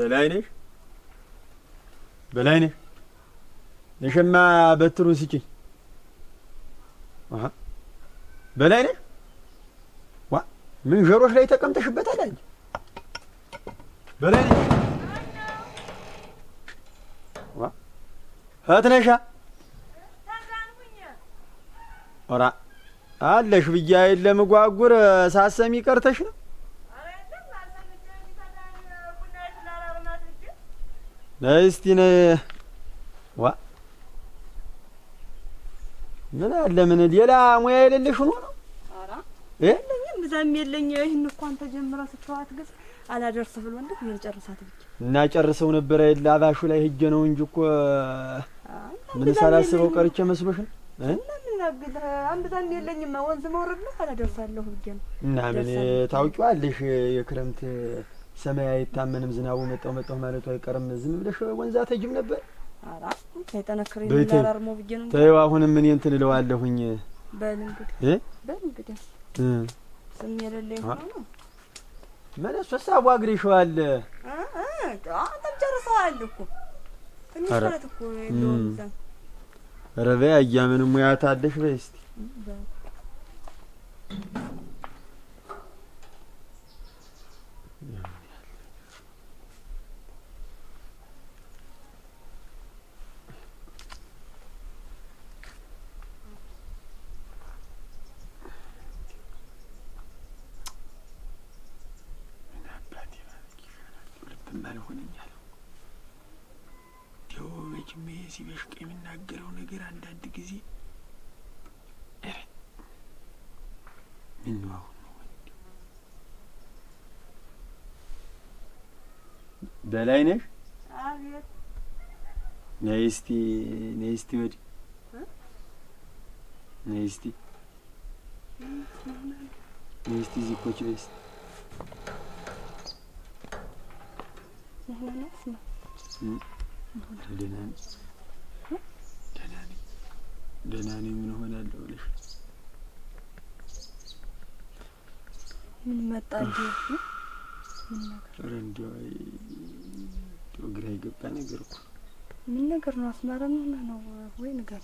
በላይነሽ በላይነሽ ነሸማ በትሩን ስጪኝ። በላይነሽ ዋ ምንዠሮች ላይ ተቀምጠሽበታል እንጂ በላይነሽ ዋ እህትነሻ ኧረ አለሽ ብዬሽ የለም እጓጉር ሳሰሚ ቀርተሽ ነው። እስቲ ነይ ዋ ምን አለ ምን ሌላ ሙያ የሌለሽ ሆኖ ነው? ኧረ የለኝም፣ ብዛም የለኝ። ይህን እኮ አንተ ጀምረህ ስትዋት ግስ አላደርስ ብሎ እንዴት ምን ጨርሳት ብቻ እና ጨርሰው ነበረ የለ አባሹ ላይ ሂጅ ነው እንጂ እኮ ምን ሳላስበው ቀርቼ መስሎሽ ነው? አንብዛም ወንዝ መውረድ ነው አላደርሳለሁ ነው። እና ምን ታውቂዋለሽ የክረምት ሰማይ አይታመንም፣ ዝናቡ መጣው መጣው ማለቱ አይቀርም። ዝም ብለሽ ወንዛ ተጅም ነበር። ተይው አሁንም እኔ እንትን እለዋለሁኝ። በል እንግዲህ በል ጨርሰዋል እኮ ትንሽ አያምንም ሙያት በይ በላይ አቤት። ነይ እስቲ ነይ እስቲ ወዲህ ነይ እስቲ ነይ እስቲ እዚህ በይ እስቲ ደህና ነኝ ደህና ነኝ ደህና ነኝ። ምን እሆናለሁ ብለሽ ምን መጣ? ኧረ ግራ የገባ ነገር እኮ ምን ነገር ነው? አስማራ ምን ሆነህ ነው? ወይ ንገር፣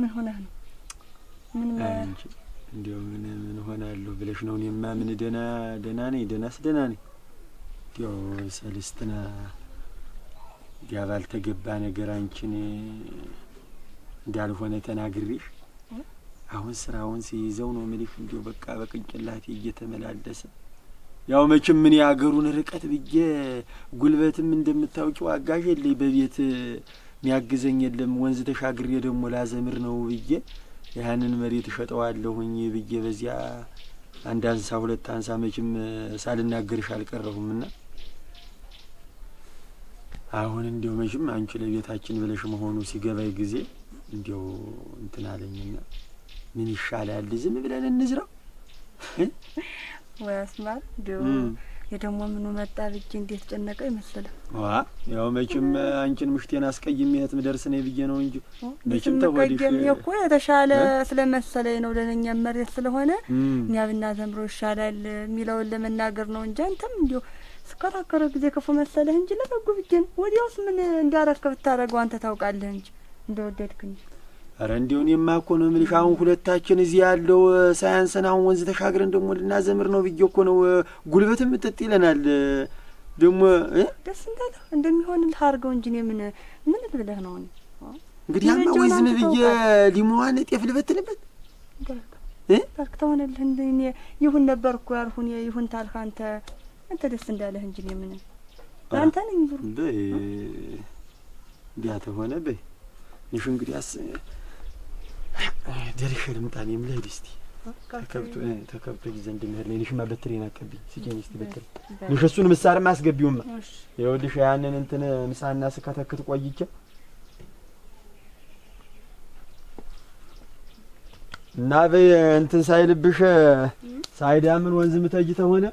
ምን ሆነህ ነው? ምን እንጂ እንዲያው ምን ምን ሆናለሁ ብለሽ ነው? እኔማ ምን ደህና ደህና ነኝ፣ ደህናስ ደህና ነኝ። እንዲያው ሰለስትና እንዲያ ባልተገባ ነገር አንቺን እንዳልሆነ ተናግሬሽ አሁን ስራውን ሲይዘው ነው የምልሽ። እንዲያው በቃ በቅንጭላቴ እየተመላለሰ ያው መቼም ምን የአገሩን ርቀት ብዬ ጉልበትም እንደምታውቂው አጋዥ የለኝ በቤት የሚያገዘኝ የለም። ወንዝ ተሻግሬ ደግሞ ላዘምር ነው ብዬ ያንን መሬት እሸጠዋለሁኝ ብዬ በዚያ አንድ አንሳ ሁለት አንሳ መቼም ሳልናገርሽ አልቀረሁም እና አሁን እንዲያው መቼም አንቺ ለቤታችን ብለሽ መሆኑ ሲገባኝ ጊዜ እንዲያው እንትን አለኝና ምን ይሻላል ዝም ብለን እንዝራው ወያስማር እንዲሁ የደሞ ምኑ መጣ ብዬ እንዴት ጨነቀ ይመስላል። ዋ ያው መቼም አንቺን ምሽቴን አስቀይሜ እህት ምደርስ ነኝ ብዬ ነው እንጂ መቼም ተወዲህ እኮ የተሻለ ስለመሰለኝ ነው። ለነኛ መሬት ስለሆነ እኛ ብና ዘምሮ ይሻላል የሚለውን ለመናገር ነው እንጂ አንተም እንዲሁ ስከራከረ ጊዜ ክፉ መሰለህ እንጂ ለበጉ ብዬ ወዲያውስ ምን እንዲያረከ ብታደረገው አንተ ታውቃለህ እንጂ እንደወደድክ እንጂ ኧረ እንዲሁን የማኮ ነው የምልሽ። አሁን ሁለታችን እዚህ ያለው ሳያንሰን አሁን ወንዝ ተሻግረን ደግሞ ልናዘምር ነው ብዬ እኮ ነው። ጉልበትም እጥጥ ይለናል። ደግሞ ደስ እንዳለ እንደሚሆንልህ አድርገው እንጂ እኔ ምን ምን ብለህ ነው? እንግዲህ አማ ወይ ዝም ብዬ ሊሞዋን ጤፍ ልበትልበት ርክ ተሆነልህ። እኔ ይሁን ነበር እኮ ያልሁን ይሁን ታልክ አንተ አንተ ደስ እንዳለህ እንጂ እኔ ምን አንተ ነኝ ብሩ እንዲያ ተሆነ በይ ይሽ እንግዲህ አስ ደርሼ ልምጣ። እኔም ልሂድ እስቲ ተከብቶ ጊዜ እንደሚሄድ ነው። እኔሽማ በትሬን አቀብኝ ስቄኝ እስቲ በትሬ ልሽ እሱን ምሳርም አስገቢውማ ይኸውልሽ ያንን እንትን ምሳና ስከተክት ቆይቼ እና በይ እንትን ሳይልብሽ ሳይዳምን ወንዝ ምተጅ ተሆነ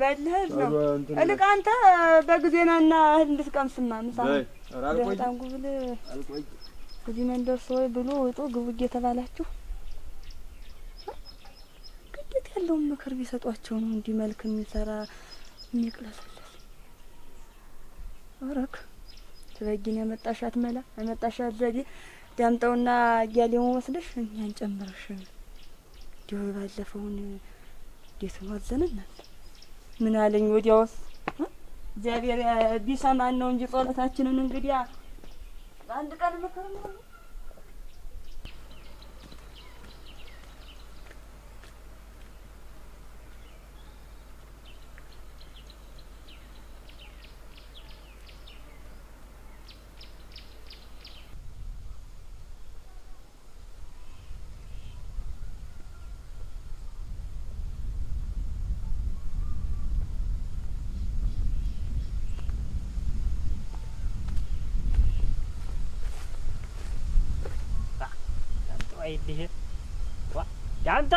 በልህል ነው እልቅ አንተ በጊዜና እና እህል እንድትቀምስማ ምሳ በጣም ጉብል እዚህ መንደር ሰው ብሎ ወጦ ግቡ እየተባላችሁ ግዴት ያለውን ምክር ቢሰጧቸው ነው እንዲህ መልክ የሚሰራ የሚቅለሰለስ። ወረክ ትበጊን ያመጣሻት መላ ያመጣሻት ዘዴ ዳምጠውና እያሌውን ወስደሽ እኛን ጨምረሽ እንዲሁ ባለፈውን እንዴት ነው አዘነናል። ምን አለኝ ወዲያውስ እግዚአብሔር ቢሰማን ነው እንጂ ጸሎታችንን እንግዲያ Ben dükkanımı kurmadım. ቆይልህ ይሄ አንተ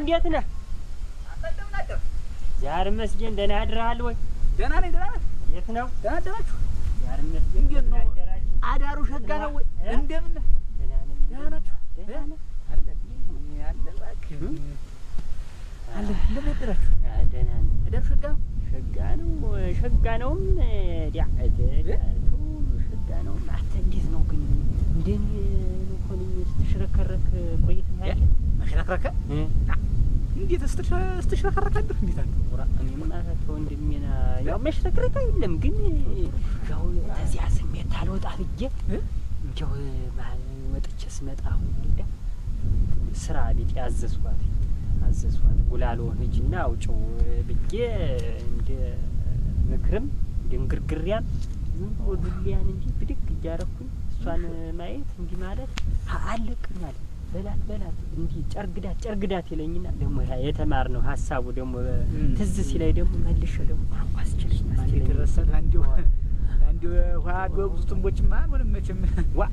እንዴት ነህ? ዛሬ መስጊድ ደህና አድረሃል ወይ? ደህና ነኝ። ደህና ነህ? የት ነው? ደህና አደራችሁ? ዛሬ መስጊድ እንዴት ነው አዳሩ? ሸጋ ነው ወይ? እንደምን ነህ? ደህና ነኝ። ደህና ናችሁ? ደህና ነህ? አዳሩ ሸጋ ነው? ሸጋ ነው። ሸጋ ነውም ዲያ እንደኔ እንኳን ስትሽረከረክ የለም ግን ያው ከዚያ ስሜት ታልወጣ ብዬ እንዲያው መሀል ስመጣ አሁን ስራ ቤት ያዘዝኳት አዘዝኳት ጉላሎ ሂጂና አውጪው ብዬ እንደ ምክርም እንደ እንግርግሪያን ዝም ብሎ ዱሊያን እንጂ ብድግ እያረኩኝ እሷን ማየት እንዲህ ማለት አልቅም አለ። በላት በላት እንዲህ ጨርግዳት ጨርግዳት ይለኝና ደግሞ የተማር ነው ሀሳቡ ደግሞ ትዝ ሲላይ ደግሞ ደግሞ አንዲ አንዲ ውሃ ቢወቅዙ ምንም መቼም ዋ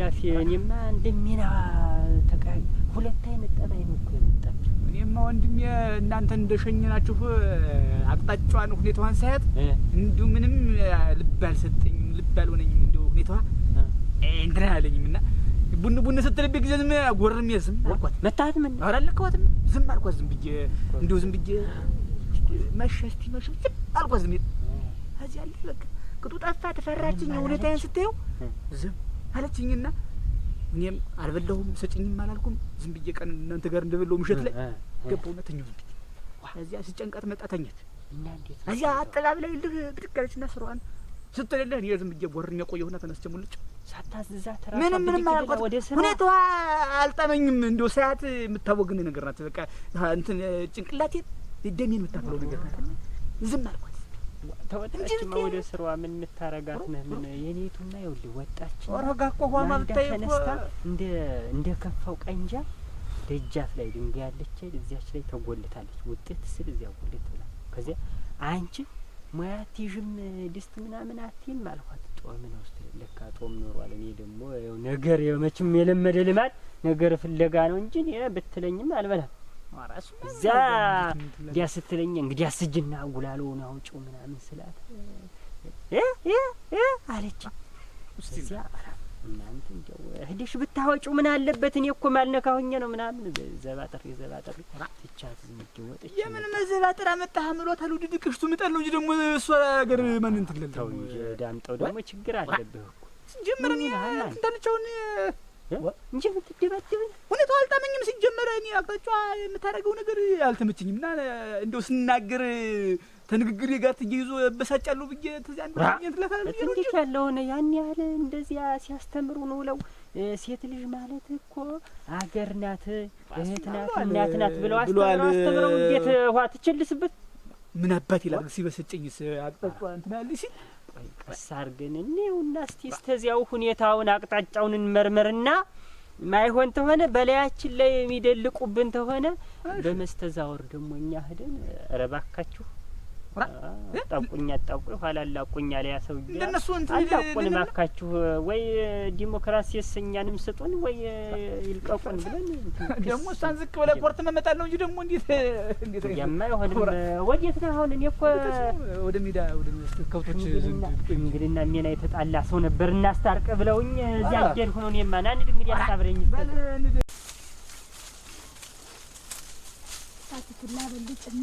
ላፊ እኔማ እንደሚና ሁለት አይነት ጠባይ ነው እኮ የመጣብኝ። እኔማ ወንድሜ እናንተ እንደሸኘናችሁ አቅጣጫዋን ሁኔታዋን ሳያት እንዲሁ ምንም ልብ አልሰጠኝም፣ ልብ አልሆነኝም። ቤቷ እንትና አለኝም እና ቡን ቡን ስትልብኝ ጊዜ ዝም አጎርም ዝም አልኳት። መታት ምን አላለከውትም ዝም አልኳት። ዝም ብዬ እንዲሁ ዝም ብዬ መሸ እስቲ መሸ ዝም አልኳት። ዝም እዚያ አለ በቃ ቅጡ ጠፋ። ተፈራችኝ ሁኔታዬን ስታየው ዝም አለችኝና እኔም አልበላሁም ስጭኝም አላልኩም። ዝም ብዬ ቀን እናንተ ጋር እንደበላው ምሸት ላይ ገባሁና ተኛሁ። ዝም ብዬ እዚያ ስጨንቃት መጣ ተኛት። እዚያ አጠጋብ ላይ ልህ ብድግ አለችና ስሯን ስትልልህ እኔ ዝም ብዬ ቦርን የቆየሁና ተነስቼ ሙልጭ ሳታዝዛት ራሷ ምንም ምንም ሁኔታዋ አልጠመኝም። እንዲሁ ሳያት የምታወግን ነገር ናት። በቃ እንትን ጭንቅላቴን ደሜን የምታፍለው ነገር ናት። ዝም አልኳት ወደ ስሯ ምን የምታረጋት ነህ? ምን ይኸውልህ ወጣች ተነስታ እንደ እንደ ከፋው ቀንጃ ደጃፍ ላይ ድንጋይ እዚያች ላይ ተጎልታለች። ውጤት ስል እዚያ ጎልት ብላ ከዚያ አንቺ ሙያ አትይዥም ድስት ምናምን አትይም አልኳት። ጦም ነው ስ ለካ ጦም ኖሯል። እኔ ደግሞ ያው ነገር መቼም የለመደ ልማድ ነገር ፍለጋ ነው እንጂ ብትለኝም አልበላም። እዛ እንግዲያ ስትለኝ እንግዲያ ስጅና ጉላለውን አውጪው ምናምን ስላት አለች እዚያ እናንተ እንደው እህድሽ ብታወጪው ምን አለበት? እኔ እኮ ማልነካሁኝ ነው ምናምን ዘባጠር የዘባጠር ትቻት ምድወጥ የምን መዘባጠር አመጣህ? ምሎ ተልውድድ ቅሽቱ ምጠል ነው እንጂ ደግሞ እሷ ሀገር ማን እንትን እንጂ ዳምጠው ደግሞ ችግር አለብህ እኮ ሲጀመር እኔ እንዳልቸውን እንጂ የምትደባደብ ሁኔታው አልጣመኝም። ሲጀመር እኔ አቅጣጫ የምታደርገው ነገር አልተመቸኝም እና እንደው ስናገር ተንግግር ጋር ተያይዞ ያበሳጫሉ ብዬ ተዚያ ትንሽ ያለሆነ ያን ያህል እንደዚያ ሲያስተምሩ ነው ብለው ሴት ልጅ ማለት እኮ አገር ናት፣ እህት ናት፣ እናት ናት ብለው አስተምረው እንዴት ውሀ ትቸልስበት ምን አባት ይላል ሲበሰጭኝስ አቅጣጫ እንትን አለ ሲል ቀሳር ግን እኔውና እስቲ እስከዚያው ሁኔታውን አቅጣጫውን እንመርመርና ማይሆን ተሆነ በላያችን ላይ የሚደልቁብን ተሆነ በመስተዛወር ደግሞ እኛ ህደን ረባካችሁ ጠቁኝ አጣቁኝ ኋላ አላቁኝ አለ ያ ሰውዬ። አላቁን ማካችሁ ወይ ዲሞክራሲ የሰኛንም ስጡን ወይ ይልቀቁን ብለን ደግሞ እሷን ዝቅ ብለህ ኮርት መመጣል ነው እንጂ ደግሞ እንዴት እንዴት የማይሆንም ወዴት ነው አሁን? እኔ እኮ ወደ ሜዳ ወደ ከብቶች እንግዲህና ሜና የተጣላ ሰው ነበር እናስታርቅ ብለውኝ እዚያ አጀድ ሆኖ እኔማ ና እንሂድ እንግዲህ አሳብረኝ ይስተላል በልጭና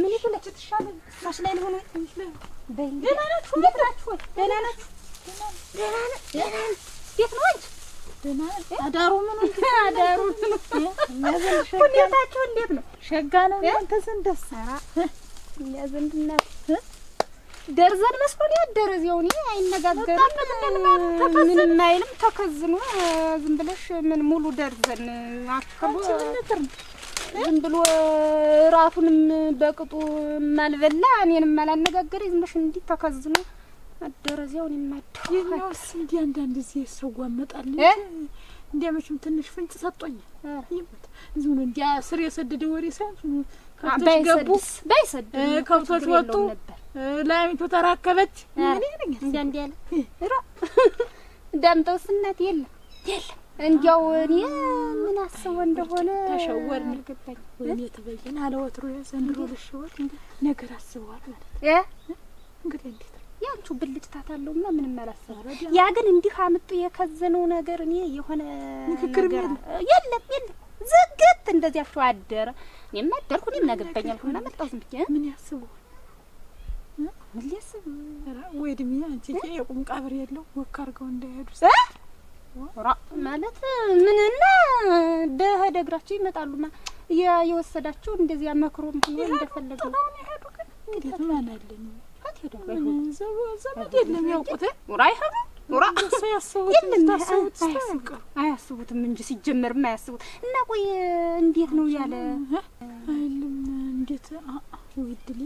ምን ይሁንልሽ? ትሻለ ማሽ ላይ ነው ደርዘን መስሎኝ ያደረ እዚያው እኔ አይነጋገርም፣ ምንም አይልም። ተከዝኖ ዝም ብለሽ ምን ሙሉ ደርዘን አትከቡ ዝም ብሎ ራቱንም በቅጡ ማልበላ እኔንም ማላነጋገር ዝም ብለሽ እንዲህ ተከዝኖ አደረዚያውን እዚያው እኔም እንዲህ አንዳንድ ጊዜ ሰው አመጣል እንዲያ መቼም ትንሽ ፍንጭ ሰጦኝ ዝም ብሎ እንዲያ ስር የሰደደ ወሬ ሳይሆን ባይሰድስ ባይሰድስ ከብቶች ወጡ፣ ላሚቱ ተራከበች። ምን ያለኛል እንዲያ እንዲያ ያለ ዳምጠውስ እናት የለም የለም እንዲያው እኔ ምን አስበው እንደሆነ ተሸወርን። አልገባኝ። ወይኔ ተበየን አለ ወትሮ ዘንድሮ ልሸወር ነገር አስበዋል ማለት እ እንግዲህ እንዴት ያንቹ ብልጭታት አለውና ምንም አላሰበ። ያ ግን እንዲህ አምጡ የከዘነው ነገር እኔ የሆነ ንግግር የለም የለም ዝግት እንደዚያቸው አደረ። እኔም አደርኩ እኔም አገባኝ አልኩና መጣሁ ዝም ብዬ ምን ያስበዋል ምን ሊያስብ ወይ ድምያ አንቺ የቁም ቀብር የለው ወክ አድርገው እንዳይሄዱ ማለት ምንና በህደ እግራቸው ይመጣሉ። ማ የወሰዳቸው እንደዚያ መክሮ ምን እንደፈለገ አያስቡትም እንጂ ሲጀመርም አያስቡት እና ቆይ እንዴት ነው ያለ አይልም እንዴት ውድል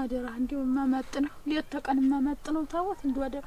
አደራ እንዲሁ የማመጥ ነው ሌት ተቀን ነው ታቦት እንዲ አደራ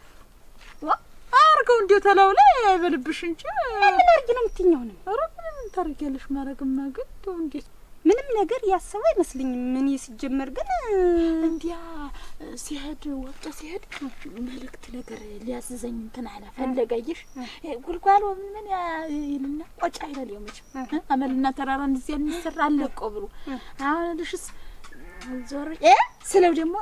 አርገው እንደ ተላው ላይ አይበልብሽ እንጂ ምን አርጊ ነው የምትኛው? ነው ኧረ ምን ታርጊያለሽ። ማረግማ ግን ተው እንዴት ምንም ነገር ያሰበ አይመስልኝም። ምን ሲጀመር ግን እንዲያ ሲሄድ ወጥቶ ሲሄድ መልእክት ነገር ሊያዘዘኝ እንትን አለ ፈለገ። ጉልጓሎ ምን ይልና ቆጫ አይበል የመች አመልና ተራራ እንደዚህ የሚሰራ አለቆ ብሎ አሁን ልሽስ ዞር ስለው ደግሞ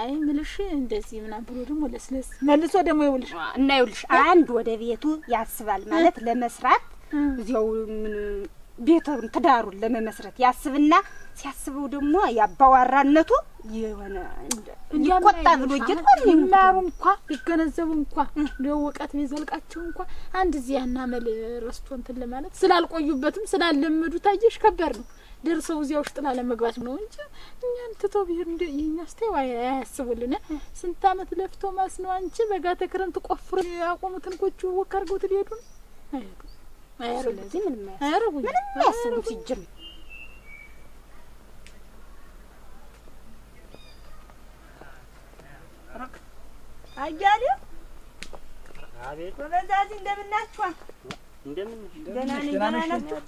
አይ ምልሽ እንደዚህ ምናምን ብሎ ደግሞ ለስለስ መልሶ ደግሞ ይውልሽ እና ይውልሽ አንድ ወደ ቤቱ ያስባል ማለት ለመስራት እዚያው ምን ቤቱን ትዳሩን ለመመስረት ያስብና ሲያስበው ደግሞ ያባዋራነቱ የሆነ እንዲቆጣ ብሎ ይላሩ እንኳ ሊገነዘቡ እንኳ ለወቃት የሚዘልቃቸው እንኳ አንድ እዚያ መል ረስቶ እንትን ለማለት ስላልቆዩበትም ስላልለመዱ አየሽ፣ ከበር ነው ደርሰው እዚያ ውስጥ ላለመግባት ነው እንጂ እኛን ትተው ቢሄድ እንደ ይህኛ ስቴው አያስቡልን። ስንት አመት ለፍቶ ማስ ነው አንቺ በጋ ተክረምት ቆፍሮ ያቆሙትን ጎጆ ወክ አድርገውት ሊሄዱ ነው። ስለዚህ ምንም አያረጉ ምንም አያስቡ ሲጀም አያሌው አቤት፣ በበዛዚህ እንደምናችኋል? እንደምን ደህና ናችሁ?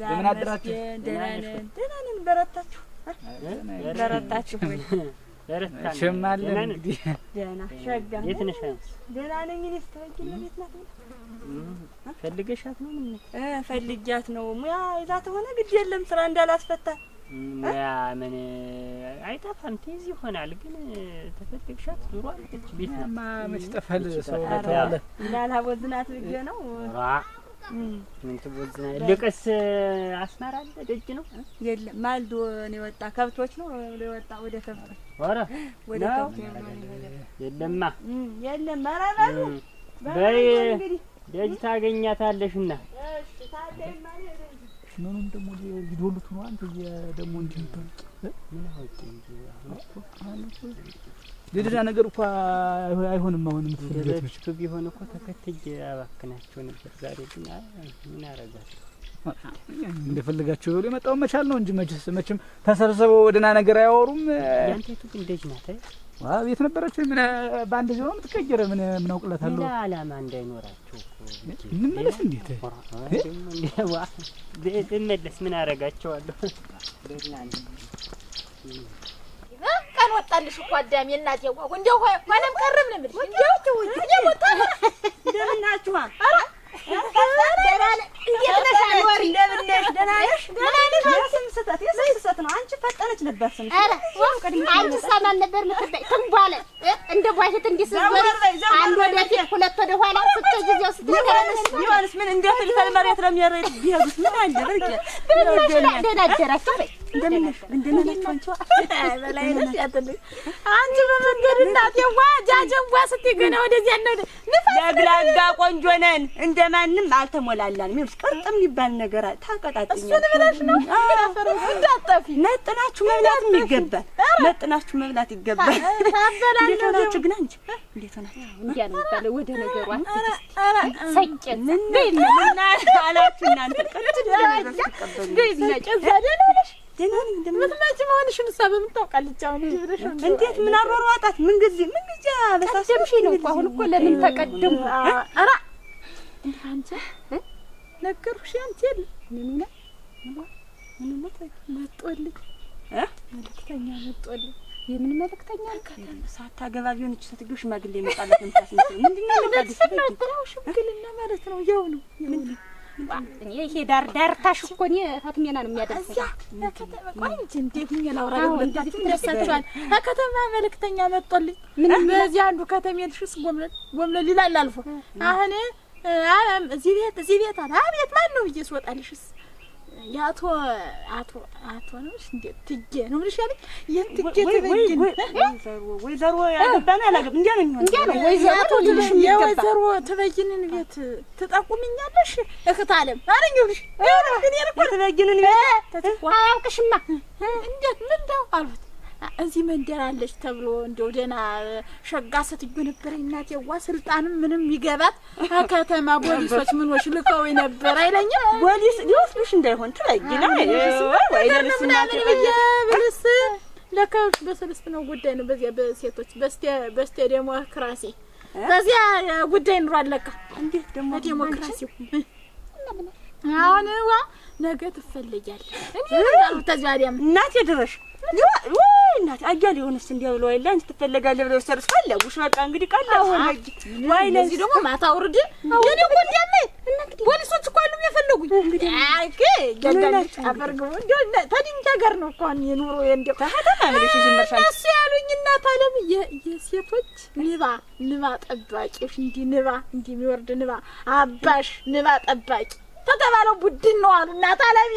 እንደምን አደራችሁ? ደህና ነን ደህና ነን። በረታችሁ በረታችሁ ወይ? እንግዲህ ፈልጊያት ነው። ሙያ ይዛ ተሆነ ግድ የለም ስራ እንዳላስፈታ ሙያ ምን አይጠፋም። ትይዝ ይሆናል ግን ተፈልግሻት ዙሮ አለች ቤት ማ መች ጠፋል ሰው ነው እንዳላቦዝናት ልጄ ነው ምን ልቅስ አስመራ አለ ደጅ ነው የለም። ማልዶ ነው የወጣ ከብቶች ነው የወጣ ወደ ከብቶች ወራ ወደ የለማ የለም። ኧረ በሉ በይ ደጅ ታገኛታለሽና እሺ ምኑም ደግሞ ሊዶሉት ነው። አንተ ደግሞ እንዲባል ልድዳ ነገር እኮ አይሆንም። አሁን ምትፈልበት ቢሆን እኮ ተከትዬ አባክናቸው ነበር። ዛሬ ግን ምን አረጋቸው? እንደፈለጋቸው ብሎ የመጣውን መቻል ነው እንጂ መቼም ተሰብስበው ወደና ነገር አያወሩም። ያንተ ግን ደጅ ናት። ቤት ነበረች። ምን በአንድ ዜሮ የምትቀየረ ምን ምን አውቅለታለሁ። አላማ እንዳይኖራችሁ እንመለስ። እንዴት ብመለስ ምን አደርጋቸዋለሁ? ቀን ወጣልሽ እኮ አዳሜ እናቴ። እንደው ሆነም ቀረም ነው የምልሽ። እንደው እየሞጣ እንደምን ናችኋል? ኧረ እንዴት ነሽ? እንደምን ነሽ? ደህና ነሽ? ደህና ነሽ? ስህተት የስም ስህተት ነው። አንቺ ፈጠነች ነበር ስም አንቺ ሰማን ነበር ምትበይ ትንቧለ እንደ ቧሂት እንዲስበር አንድ ወደፊት ሁለት ወደ ኋላ ስትል ጊዜው ምን እንደ ፍልፈል መሬት ለሚያረይ ቢያዙት ምን አለ በርቀ ደህና አደራችሁ በይ አንቺ በመንገድ እናት የዋ ጃጀዋ ስትይ ገና ወደዚያ ነው ደግላጋ ቆንጆ ነን እንደማንም አልተሞላላንም። ቅርጥም ይባል ነገር ታቀጣጥኝ እሱን ብለሽ ነው እንዳጠፊ መጥናችሁ መብላት ይገባል። መጥናችሁ መብላት ይገባል። እንዴት ሆናችሁ ግን አንቺ እንዴት ሆናችሁ? ያ ነው የሚባለው ወደ ነገሩ እንዴት ምን አሯሯጣት? ምን ጊዜ ምን ጊዜ በሳሰብሽ ነው እኮ አሁን እኮ ለምን ተቀደሙ? ኧረ አንቺ ነገርኩሽ አንቺ ምን መጦልኝ መልእክተኛ መጦልኝ። የምን መልእክተኛ ሳታገባ ቢሆን እች ሴትዮ ሽማግሌ የመጣላት ምንድነው? ሽምግልና ማለት ነው። ያው ነው። ይሄ ዳር ዳርታሽ እኮ እኔ ፋትሜና ነው የሚያደርሰኝ። ከተማ መልእክተኛ መጦልኝ። በዚህ አንዱ ከተሜልሽስ ጎምለ ሊላል አልፎ አሁን እዚህ ቤት እዚህ ቤት አለ አቤት ማን ነው ብዬሽ ስወጣልሽስ የአቶ አቶ አቶ ነው እንዴ? ትጌ ነው ምንሽ ያለኝ? ይሄን ትጌ ትበይኝ ወይዘሮ ያገባና ያላገባ እንዴ ነው እንዴ ነው ወይዘሮ ልሽ የወይዘሮ ትበይንን ቤት ትጠቁምኛለሽ እህት አለም እኔ እኮ ትበይንን ቤት አያውቅሽማ እንዴት ምን ነው እዚህ መንደር አለች ተብሎ እንደው ደህና ሸጋ ሴትዮ ነበረ እናት የዋ ስልጣንም ምንም ይገባት ከተማ ፖሊሶች ምኖች ልከው ነበር አይለኝም። ፖሊስ ሊወስዱሽ እንዳይሆን ትለይ ነው ምናምን ብዬ ብልስ ለካዎች በሰለስት ነው ጉዳይ ነው። በዚያ በሴቶች በስቴ ዴሞክራሲ በዚያ ጉዳይ ኑሮ አለካ እንዴት ደሞ ዴሞክራሲ አሁን ዋ ነገ ትፈለጊያለሽ እኔ ተዚያ ዲያም እናቴ ድረሽ እናት አያሌ የሆነስ ብለው አይደል አንቺ ትፈለጋለህ ብለው ሰርስ ፈለጉሽ። በቃ እንግዲህ ቀላል ወይ ለዚህ ደግሞ ማታ ፖሊሶች እኮ አሉ የፈለጉኝ እንግዲህ ጋር ነው እኮ አሁን የኑሮ ያሉኝ እናት አለም የሴቶች ንባ ንባ ጠባቂዎች እንዲህ ንባ እንዲህ የሚወርድ ንባ አባሽ ንባ ጠባቂ ከተባለው ቡድን ነው አሉ እናት አለም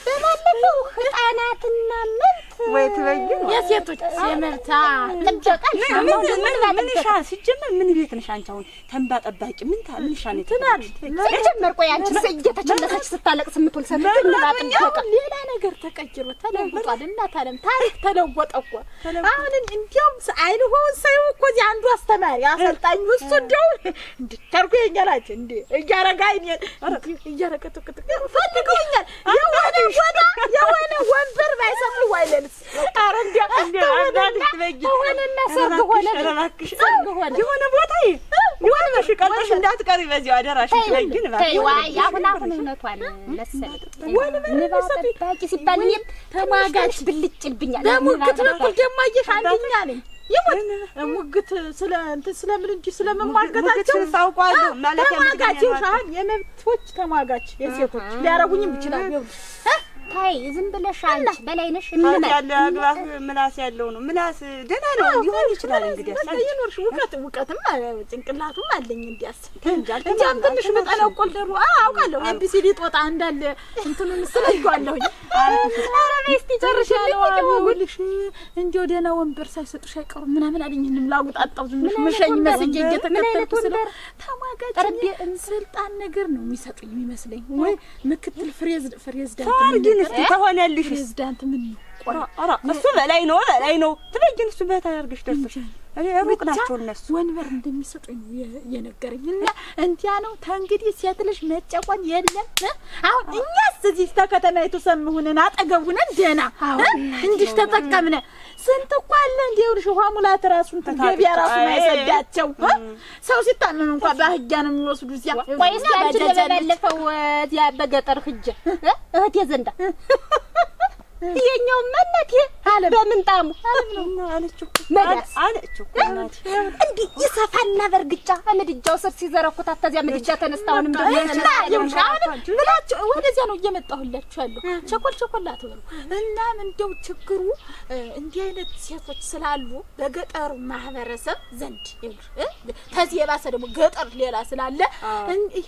በባለፈው መብት ወይ የሴቶች የመብታ ሲጀመር ምን ቤት ነሽ አንቺ? አሁን ተንባ ጠባቂ ምን ነው ቆይ አንቺ እየተቸለሰች ሌላ ነገር ተቀይሮ ተለውጧል። እናት አለም ታሪክ ተለወጠ እኮ አሁን እንዲያውም እኮ እዚህ አንዱ አስተማሪ አሰልጣኝ እንዲያውም ተርኩ የኛላች እንዴ እያረጋ እያረከተከተ ፈልገውኛል። የሆነ ወዳ የሆነ ወንበር ባይሰሙ ዋይለንስ አረ ኧረ ሆነና ሰርግ ሆነ ሰርግ ሆነ የሆነ ቦታ ወንበር ቀልሽ እንዳትቀሪ በዚያው አደራሽ ላይ ግን አሁን አሁን እውነቷን መሰለኝ ወንበር ንባብ ጠባቂ ሲባል እኔም ተሟጋች ብልጭልብኛል። በሙክት በኩል ደግሞ አየሽ አንደኛ ነኝ ይሙት ሙግት ስለ እንትን ስለምን እንጂ ስለመሟገታቸው ታውቋሉ ማለት ተሟጋች የመብቶች ተሟጋች የሴቶች ሊያረጉኝም ይችላል። ታይ ዝም ብለሽ አንቺ በላይነሽ እንመጣ አግባብ ምላስ ያለው ነው። ምላስ ደህና ነው ሊሆን ይችላል። እንግዲህ አሳይ ይኖርሽ ውቀት ውቀትም ጭንቅላቱም አለኝ እንዲያስብ እንጃል እንጃም ትንሽ መጣለው ቆልደሩ አውቃለሁ። ኤምቢሲ ሊጦጣ እንዳለ እንትኑን ስለይዋለሁ። ኧረ በይ እስኪ ጨርሽ ያለው አውልሽ እንጂ ደህና ወንበር ሳይሰጡሽ አይቀሩም ምናምን አለኝ። እንም ላጉጣጣው ዝምሽ ብለሽ መሸኝ መስጄ እየተከተልኩ ስለ ተሟጋጭ ስልጣን ነገር ነው የሚሰጡኝ የሚመስለኝ ወይ ምክትል ፍሬዝ ፍሬዝ ዳንት እስኪ ተሆነልሽ? ፕሬዝዳንት ምን ነው ቆይ ኧረ እሱ በላይ ነው በላይ ነው ትበይን እሱ በታይ አድርገሽ ደርሰሽ እኔ ሩቅ ናቸው እነሱ ወንበር እንደሚሰጡኝ የነገረኝ እና እንዲያ ነው ተንግዲህ ሲያትልሽ መጨቆን የለም አሁን እኛስ እዚህ ተከተማ የተሰም ሁነን ደህና እንዲሽ ተጠቀምነ ስንት እኮ አለ እንዲህ ይኸውልሽ ውሃ ሙላት ራሱን ገቢያ ራሱን አይሰዳቸው ሰው ሲታመም እንኳ ባህጃ ነው የሚወስዱ እዚያ ቆይ እስኪ አንቺን እዚያ በገጠር ሂጅ እህቴ ዘንዳ የኛው መነቴ በምንጣሙ አለችው እንዲህ ይሰፋና በእርግጫ ምድጃው ስር ሲዘረኩታት ተዚያ ምድጃ ተነስታ አሁንም ብላችሁ ወደዚያ ነው እየመጣሁላችሁ ያለሁ። ቸኮል ቸኮል አትበሉ። እናም እንደው ችግሩ እንዲህ አይነት ሴቶች ስላሉ በገጠሩ ማህበረሰብ ዘንድ ተዚህ የባሰ ደግሞ ገጠር ሌላ ስላለ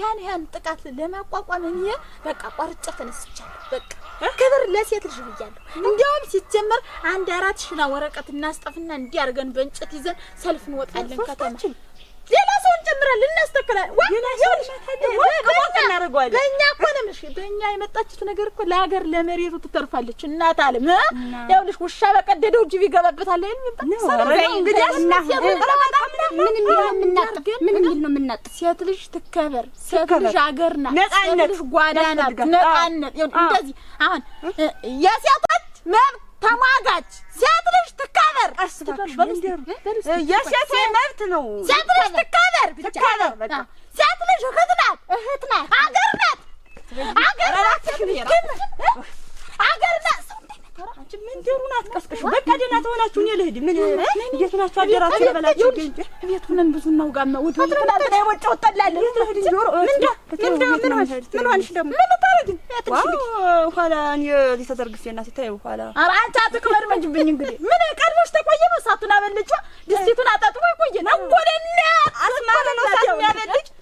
ያን ያን ጥቃት ለማቋቋም እኔ በቃ ቆርጬ ተነስቻለሁ። በቃ ክብር ለሴት ልጅ ብዬ ብያለሁ። እንዲያውም ሲጀመር አንድ አራት ሽና ወረቀት እናስጠፍና እንዲያርገን በእንጨት ይዘን ሰልፍ እንወጣለን ከተማ ሌላ እናስተምራለን፣ እናስተካክላለን። እናደርገዋለን። በእኛ እኮ ነው የምልሽ፣ በእኛ የመጣችት ነገር እኮ ለሀገር ለመሬቱ ትተርፋለች። እናት አለም ይኸውልሽ፣ ውሻ በቀደደው ጅብ ይገባበታል። ምን የሚል ነው የምናጥ? ሴት ልጅ ትከበር፣ ሴት ልጅ ሀገር ናት፣ ጓዳ ናት፣ ነጻነት እንደዚህ አሁን የሴቶች መብት ተሟጋች ሴት ልጅ ትከበር። የሴት መብት ነው። ሴት ልጅ ትከበር ትከበር። ሴት ልጅ እህት ናት እህት ናት። አገር ናት አገር ናት አገር ናት መንደሩን አትቀስቅሽው። በቃ ደህና ተሆናችሁ እኔ ልሂድ። ምን እንዴት ናችሁ? አደራችሁ በላችሁ እንጂ ቤቱንም ብዙ እናውጋማ ወደ ትናንትና የወጣው ጠላለን ጆሮ ምን ሆንሽ ደግሞ ምን ታረጊ? ኋላ እኔ እዚህ ተዘርግፌ እና ሲታየው ኋላ ኧረ አንቺ አትቅበርመጅብኝ። እንግዲህ ምን ቀድሞሽ ተቆየ ነው እሳቱን አበልቼ ድስቲቱን አጣጥሞ ይቆየን አጎደና አስማረ ነው እሳት የሚያበልጭ